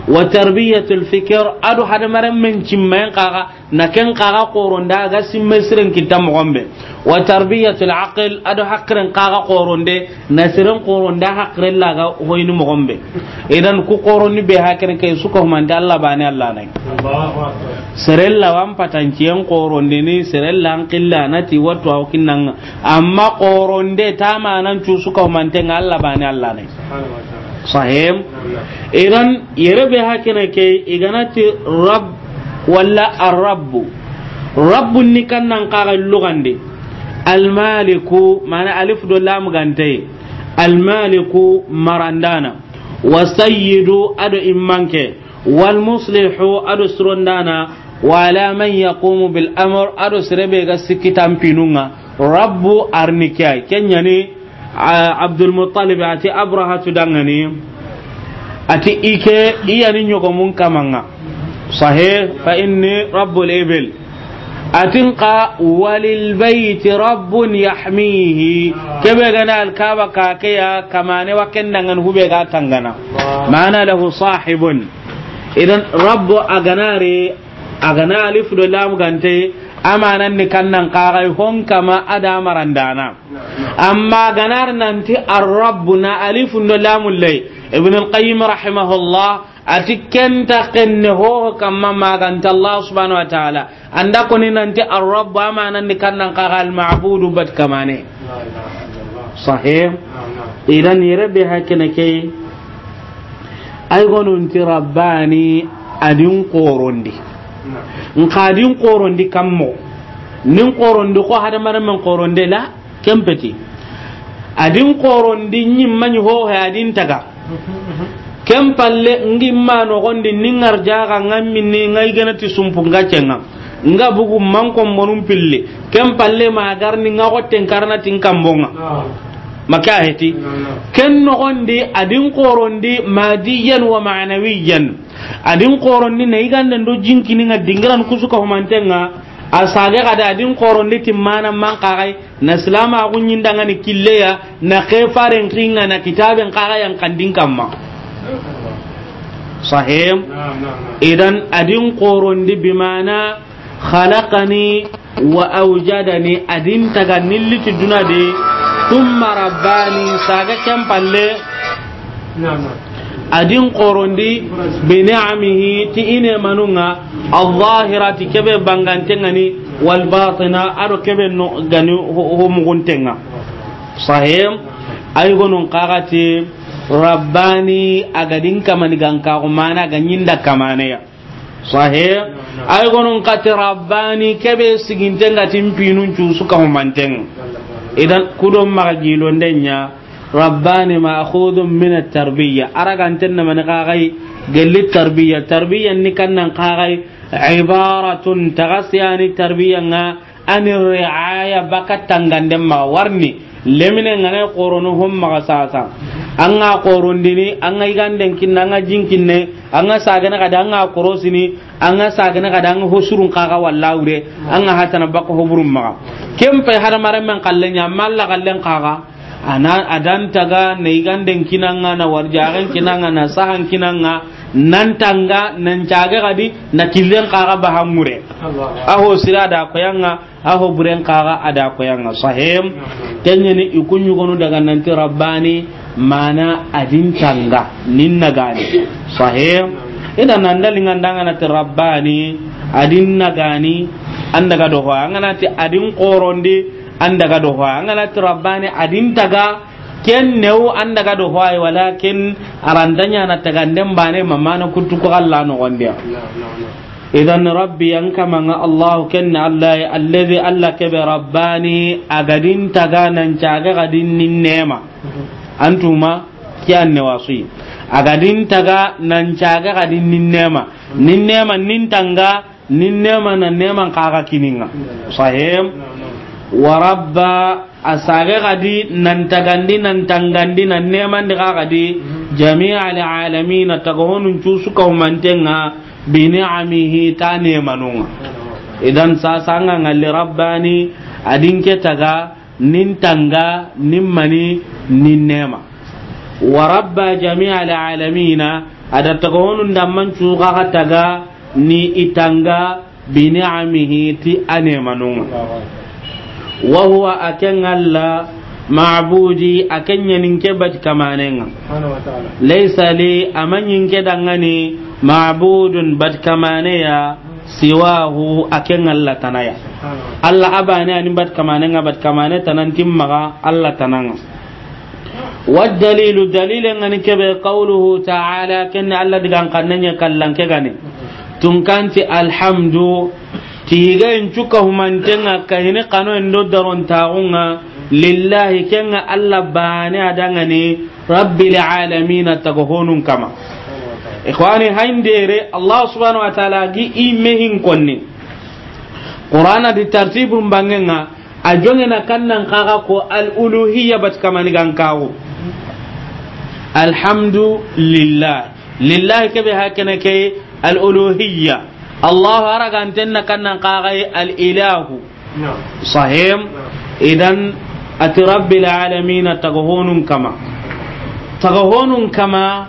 wa tarbiyatul fikr adu hada maran men cimmen kaga na ken kaga qoronda ga simme siren kitta mo gombe wa tarbiyatul aql adu hakren kaga qoronde na siren qoronda hakren la ga hoyni idan ku qoronni bee hakren kai su ko man Allah bani Allah ne siren la wan patanciyen qoronde ni siren la an qilla nati watu kinnan amma qoronde tamanan cu su ko man Allah bani Allah ne sahim idan yere be hakene ke iganati rabb walla arrabb rabb ni kannan kaga lugande almaliku mana alif do lam gante almaliku marandana wasayyidu ado immanke walmuslihu ado surondana wala man yaqumu bil amr ado serebe ga sikitan pinunga rabbu arnikai kenyani abdul muttalib ati abraha tudangani ati ike iyani ñogomun kamanga sahe fa inni rabbul ibil atin ka walil bayti rabbun yaxmiihi kebe gana alkaba kake ya kamane wa tangana mana lahu sahibun idan rabbu aganare agana alif do lam gante amanan ni kannan kagai hon kama ada marandana amma ganar nanti ar-rabbu na alif do lam ibn al-qayyim rahimahullah ati kenta kenne ho kamma maganta allah subhanahu wa ta'ala anda koni nanti ar-rabb amana ni kannan qagal ma'budu bat kamane sahih idan yere be hakene ke ay Nka adin qorondi kammo nin qorondi ko hada maramen qorondi la kempeti adin qorondi nyimman ho hadin taga kem palle ngi ma no gondi ningar jaga ngammi ni ngai ti sumpu nga ngacenga nga bugu man ko monum pille kem palle ma gar ni nga gotten karna tin kambonga maka heti ken no gondi adin korondi madiyan wa ma'nawiyan adin korondi ne igande ndo jinkini nga dingiran kusuka humantenga asage kada din koron litin mana man kakai na silama kun yin ni killeya na kefaren kinga na kitaben kagai an kandin kamma sahim idan adin koron di mana khalaqani wa awjadani adin taga nilliti duna de thumma rabbani kyan palle adin qorondi bi ni'amihi ti ine manunga adh ti kebe bangantengani wal batina aro kebe no gani ho muguntenga sahim ay gonon qagati rabbani agadin kamani ganka mana ganyinda kamane ya sahim ay gonon qati rabbani kebe sigintenga timpinun cusu ka humanteng idan kudon ndenya rabbani ma'khudun min at-tarbiyya aragan tanna man qagai gelli tarbiyya tarbiyya ni kannan qagai ibaratun tagasiyani tarbiyya nga an ri'aya baka tangandem ma warni lemine ngane qorono hum maga sasa an ga korondini an ga iganden an ga jinkinne an ga sagana kada an ga korosini an ga sagana kada an ga hosurun kaga an ga hatana bakko hoburun ma kempe haramare maran man kallen ya malla kallen kaka. ana adan taga neiganden kinanga na warjaren kinanga na sahan kinanga nan tanga nan caga gadi na killen kaga bahan mure aho sira da koyanga aho buren kaga ada koyanga sahim kenye ni ikunyu gonu daga nan ti rabbani mana adin tanga nin nagani sahim idan nan dalingan danga na ti rabbani adin nagani an daga doho an ganati adin korondi an daga do ho an gana rabbani adin taga ken new an daga do ho ay e walakin arandanya na taga ndem bane mamana kuttu ko Allah no gonde idan rabbi yan kama nga Allah kenna Allah e alladhi alla kebe rabbani agadin taga nan caga gadin nin nema mm-hmm. antuma kiyan ne wasu agadin taga nan caga gadin nin mm-hmm. nema nin nema nin tanga nin nema nan neman kaga kininga sahim warabba a asage gadi nan tagandi nan tangandi nan neman da gadi jami'a alamin tagahonun cu suka mantenga bi ni'amihi ta nemanunga idan sasanga ngalli rabbani dinke taga nin tanga nin mani nin nema wa rabba a da taga tagahonun damman cu ga taga ni itanga bi ni'amihi ti anemanunga wa huwa akan Allah ma'budi akan yanin ke bat kamanen laysa li yin ke dangane ma'budun bat kamane ya siwahu akan Allah tanaya Allah abane anin bat kamanen bat kamane tanan timmaga Allah tananga والدليل دليل أن كبه قوله تعالى كن الله دقان قنن يكلن كغني تنكنت الحمد tiga in cuka humantenga kahini kano endo daron taunga lillahi kenga alla bane adangani rabbil alamin tagohonun kama ikhwani haindere allah subhanahu wa ta'ala gi imehin konni qur'ana di tartibun bangenga na kannan kaka ko al uluhiyya bat kamani gankawo alhamdulillah lillahi kebe hakene ke al uluhiyya allahu araganten na kannan kagai al'ilahu sahim idan ati alamin tagahonun kama tagahonun kama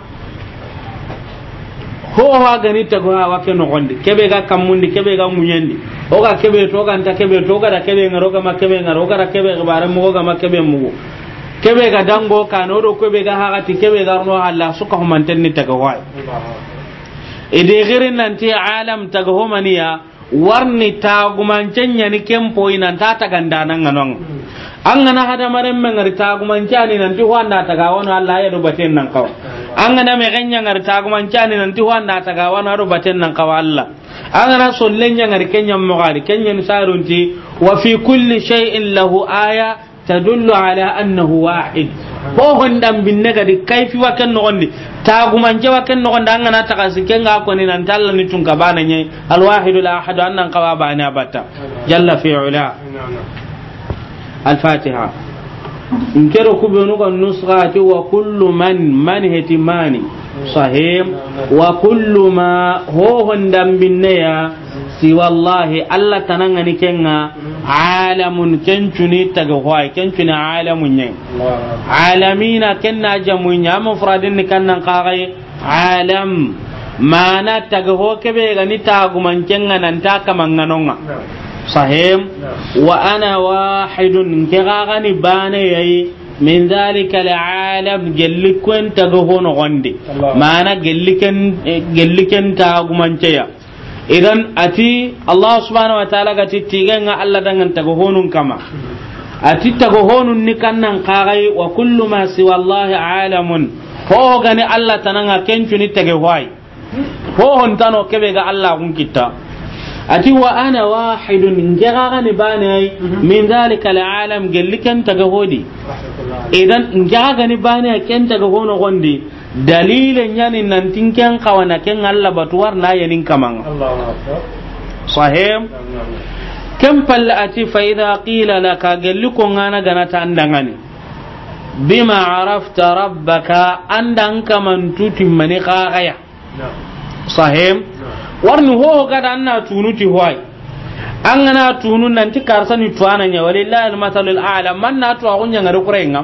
ho ha gani tago wake no gonde kebe ga kamundi kebe ga munyendi o ga kebe to ga nta kebe to ga da kebe ngaro ga makebe ngaro ga da kebe ga bare mu ga makebe mu kebe ga ka kebe ga ha ga kebe ga no suka humanten ni ede girin nanti alam taga homaniya warni tagumancen ni kempo ina ta nan ganon an gana hadamaren men ngari tagumancani nanti huwanda tagawano allah ya dubaten nan kawo. an gana mai ganya ngari tagumancani nanti huwanda tagawano ya dubaten nan kawa allah an gana sollen ya ngari kenyan mugari kenyan sarunti wa fi kulli shay'in lahu aya tadullu ala annahu wahid ho hondan binne gadi kaifi wa ken nogondi tagumance wa ken nogondi an gana takasi ken ga ko ni nan talla ni tun kabana nyai alwahidu ahad an nan kawa bani abata jalla fi ula al fatiha in kero الفاتحة إن كانوا كبنوك man وكل من من هتماني صحيح وكل ما هو هندم ya siwa Allah Allah tanan ngani kenga alamun kencuni taga hoy kencuni alamun nyen alamina kenna jamu nya mufradin kannan qagai alam mana taga ho kebe ga ni tagu man kenga nan ta kamanganonga sahim wa ana wahidun ke ga ni bana yayi min dhalika alalam gelli kwen taga hono gonde mana gelli ken eh, gelli ken idan ati allah subhanahu wa ta'ala ga titigenga allah dangan ta honun kama ati tago honun ni kannan kagai wa kullu ma siwa allah alamun ho gani allah tananga kencu ni tage hoai ho hontano kebe ga allah kun kitta ati wa ana wahidun ngega ni bani ai mhm. min zalika alalam gellikan taga hodi idan ngega ni bani ai ken hono gondi dalilin yani nan tinken kawana ken Allah batuwar na yanin kaman sahim ken palle ati fa idha qila laka gelli ko ngana gana ta andangani bima arafta rabbaka andan kaman tutin mani qaya sahim warni ho gada anna tunuti huwai an gana tunu nan ti karsa ni tuana nya la almasalul a'la man na tuwa kunya ngare kurenga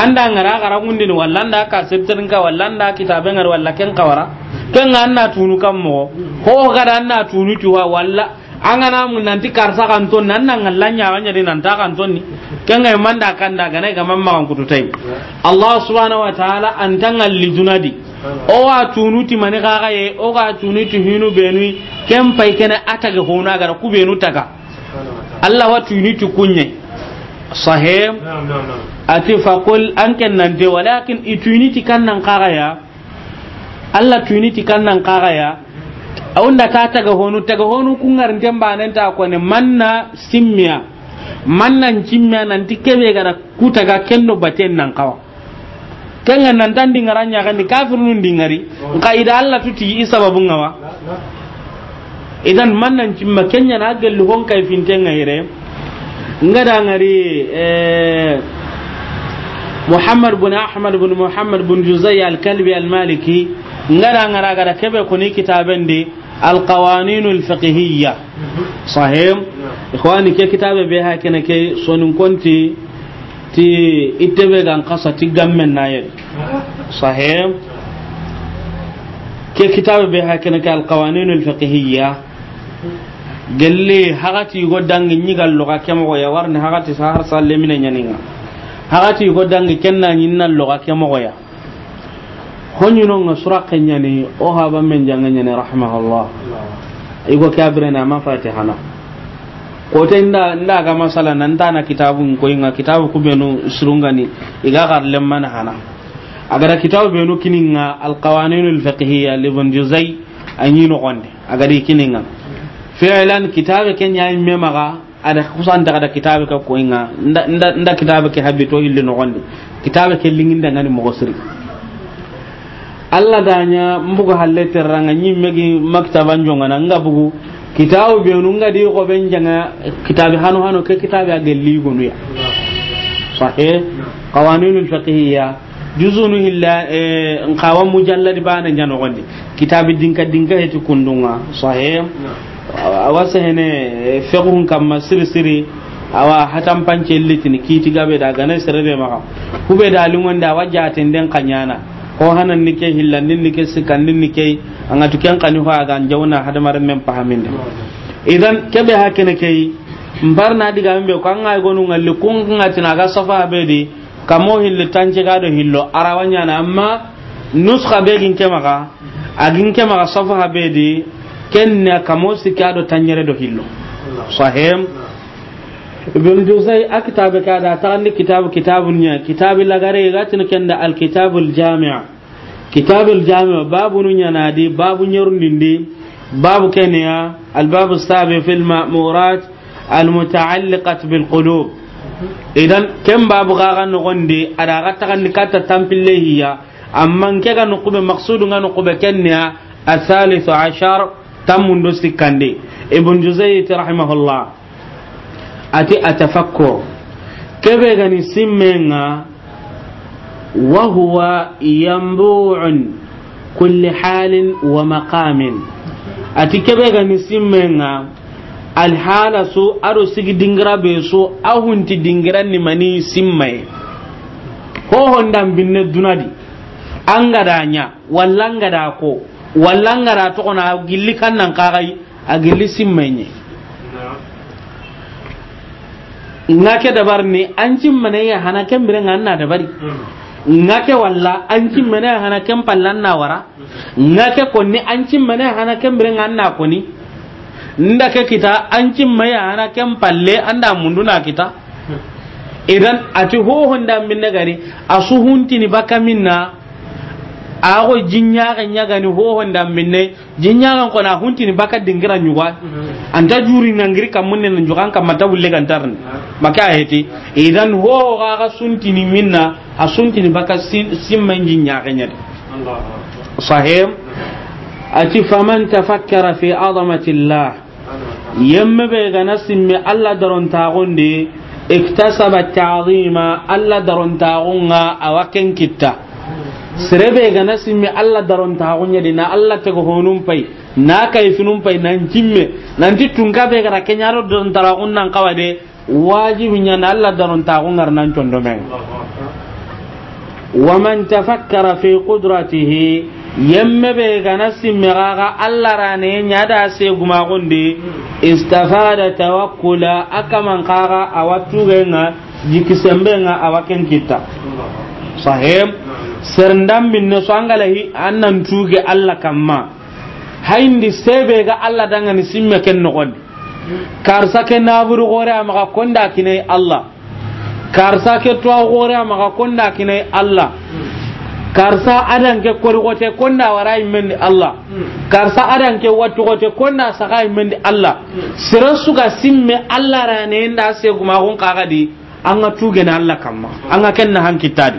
anda ngara gara gundi ni wallanda ka sirtin ka wallanda kitaben ngar walla ken kawara ken na tunu kam mo ho gara na tunu tuwa walla an gana mun nan ti karsa kan ton nan nan ngallanya wanya ni nan ta kan ton ni ken ngai manda kan daga ne ga mamma kan kututai allah subhanahu wa ta'ala an tangal lidunadi o wa tunuti mani kaga ye o ga tunuti hinu benu kem pai kana ga hona gara ku benu taka Allah wa tunuti kunye sahem ati faqul anken nan de walakin itunuti kan nan kaga ya Allah tunuti kan nan kaga ya awunda ta taga honu taga honu kungar ndemba nan ta ko ne manna simmiya manna cimmiya nan ti kebe gara kutaga kenno baten nan kawa kenga nan tan di ngaranya kan di kafir nun di ngari ka ida Allah tuti isababu ngawa idan man nan cimma kenya na galli hon kai finten ngaire ngada ngari eh Ahmad bin Muhammad bin Juzay al-Kalbi al-Maliki ngada ngara gara kebe kuni kitaben di القوانين الفقهية صحيح إخواني كي كتابة بها كنا كي سنن كنتي ti itebe gan kasa ti gammen na yari sahih ke kitabe be gelle hagati go dangi nyigal ya warne hagati sahar salle mine nyaninga hagati go dangi kenna nyinna loga kemo ya nga sura o men rahmahullah igo ma fatihana kote nda nda ga masala nan ta na kitabu ko inga kitabu ku benu surunga ni iga garlem mana hana agara kitabu benu kininga al qawaninul fiqhiyya li ibn juzay anyi no gonde agari kininga fi'lan kitabe kenya imme maga ada kusan da da kitabu ka ko inga nda nda kitabu ke habito illi no gonde kitabu ke linginda ngani mo gosri Allah danya mbugo halle terranga nyimmegi maktaban jongana nga bugu kitabu benu nga di ko ben janga kitabu hanu hanu ke kitabu ya gelli gonu ya sahih qawanin al fiqhiyya juzun illa in e, qawa mujalladi bana janu gonni kitabu dinka dinka heti kundunga sahih awase hene e, fiqhun kamma sir siri awa hatan pancelli tin kiti gabe daga ne sirre ma ku be dalin wanda wajja tin den kanyana ko hanan ni ke hillan ni ke sikan nin nike an atu kani ho aga jawna hadamaren men pahamin idan kebe hakene ke mbar na diga mbe ko an ay gonu ngalle kun ngati na ga safa be di kamo hilli tanje ga do hillo arawanya na amma nuskha be gin ke maga agin ke maga safa be di kenna kamo sikado tanjere do hillo sahem bendu sai a kitabe ka da ta ni kitabu kitabun ya kitabi lagare ga tin kenda al kitabul jami'a. kitabul jami'a babu nunya nadi babu nyarun dindi babu kenya albabu sabi fil ma'murat al bil qulub idan ken babu ga kan gonde ada ga ta kan kata tampille hiya amma ke ga nukube maqsudu ga nukube kenya a thalith ashar tamundu sikande ibn juzayyid rahimahullah ati atafakkur kebe gani simmenga wa huwa yanbu'un kulli halin wa maqamin ati kebe gani simmenga alhala su sigi dingira beesu so ahunti dingira ni mani simmai ho hondan binne dunadi angada walla wallangada ko wallangada to kona gilli kannan a gilli simmenye nga ke dabar ne an cin mana ya hana kan biren an na dabari nga ke walla an cin mana ya hana kan pallan na wara nga ke konni an cin mana ya hana kan biren an na koni nda ke kita an cin mana ya hana kan palle an da mundu na kita idan ati ho honda min nagari asuhunti ni baka minna ago jinyaga nyagani hohon damminne jinyagan kona ni baka dingira nyuwa mm-hmm. anta juri nangiri kamunne nan jugan kam mata bulle kan tarni mm-hmm. maka heti idan ho ga ga ni minna a suntini baka simman jinyaga nyade sahim mm-hmm. ati faman tafakkara fi azamati llah yemme be gana simme allah daron tagonde iktasaba ta'zima allah daron tagonga awaken kitta serebe ga na Allah daron ta hunya dina Allah ta honum pai na kai finum pai nan kimme nan ti ka be ga kenya ro don tara unnan kawade wajibi nya na Allah daron ta gungar nan condo men wa man tafakkara fi qudratihi yemme be gana simme gaga Allah rane nya da se guma gonde istafada tawakkula akaman kara awatu genga jikisembe nga awaken kita sahem serndam ne so hi annan tuge allah kamma haindi sebe ga allah dangani simme ken nogondi karsa ke naburu gore ga konda kinai allah karsa ke tuwa gore ga konda kinai allah karsa adan ke gote konda warai mendi allah karsa adan ke gote konda sakai mendi allah sere ga simme allah se guma gon kagadi an ga tuge na allah kamma an ken na hankitadi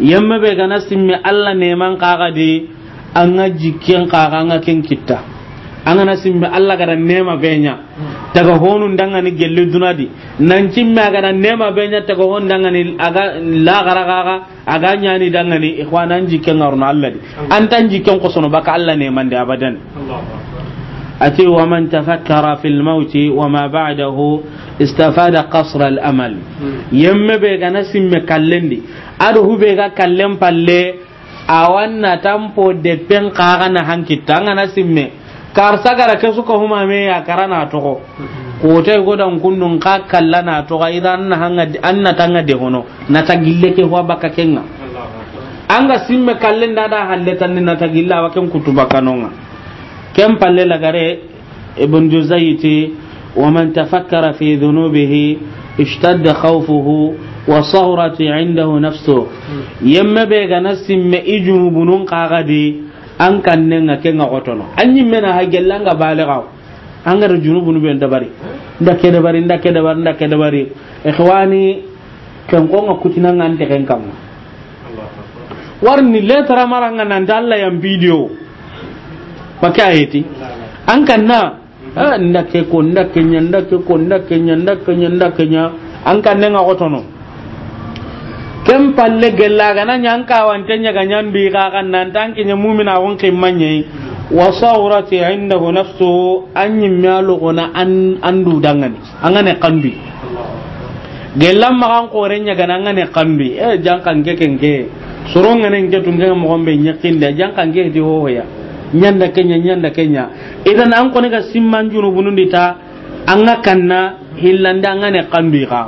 yamma be gana simme Allah neman kaga de an ga jikken kaga anga ken kitta an ga simme Allah gara nema benya daga honun danga gelli gelle dunadi nan cimme gara nema benya daga honun danga ni aga la gara gaga aga nyani danga ni ikhwanan jikken arna Allah di an tan jikken ko bakka Allah neman de abadan أتي ومن تفكر في الموت وما بعده استفاد قصر الأمل يم بيغا نسم كالندي أدو بيغا كالن بالي أوانا تنفو دبين قاغنا هنكتا أنا نسمي karsa gara ke suka huma me ya kara na togo ko tay dan kunnun ka kalla na togo idan na anna tanga de hono na tagille ke ho baka kenga anga simme kallen da halle tan na tagilla wa ken kutuba kanonga kem palle lagare ibn juzayti ومن تفكر في ذنوبه اشتد خوفه وصهرت عنده نفسه يما بيغا نسم ما اجنوب نون قاغدي ان كان نغا كنغا اوتونو اني dabari ndake dabari ndake dabari ndake dabari ikhwani kan ko nga kutina ngante kan kam warni letara maranga nan dalla maka heti an kanna hmm. eh, nda ke ko nda kenya nda ke ko nda kenya nda kenya nda kenya an ne nga gotono kem palle gella gana nyan ka wante nya ga nyan bi ka kan nan tan kenya mu'mina won kai manye hmm. wa sawrati indahu nafsu an yimyalu gona an andu dangani an eh, ne kambi gellam ma kan kore nya gana an ne kambi e jankan ke kenke soronga ne ke tunga mo gombe nyakinda jankan ke di ya. nyanda kenya nyanda kenya idan an kone ga simman junubun dita an ga kanna hillanda an ga ne kandu ka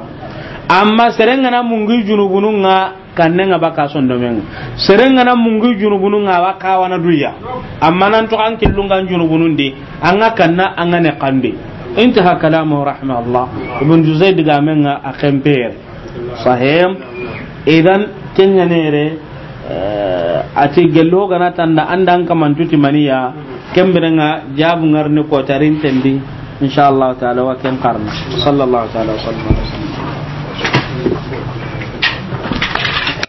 amma serenga na mungi junubun nga kanne nga baka son domen mungi duya amma nan to an di an ga kanna an ga ne kandu intaha kalamu rahmatullah ibn ga men idan kenya nere Eh, ati gello gana tanda andan kaman tuti maniya kembere nga jabu ngarni ko tarin tendi inshallah ta'ala wa kem karna sallallahu ta'ala wa sallam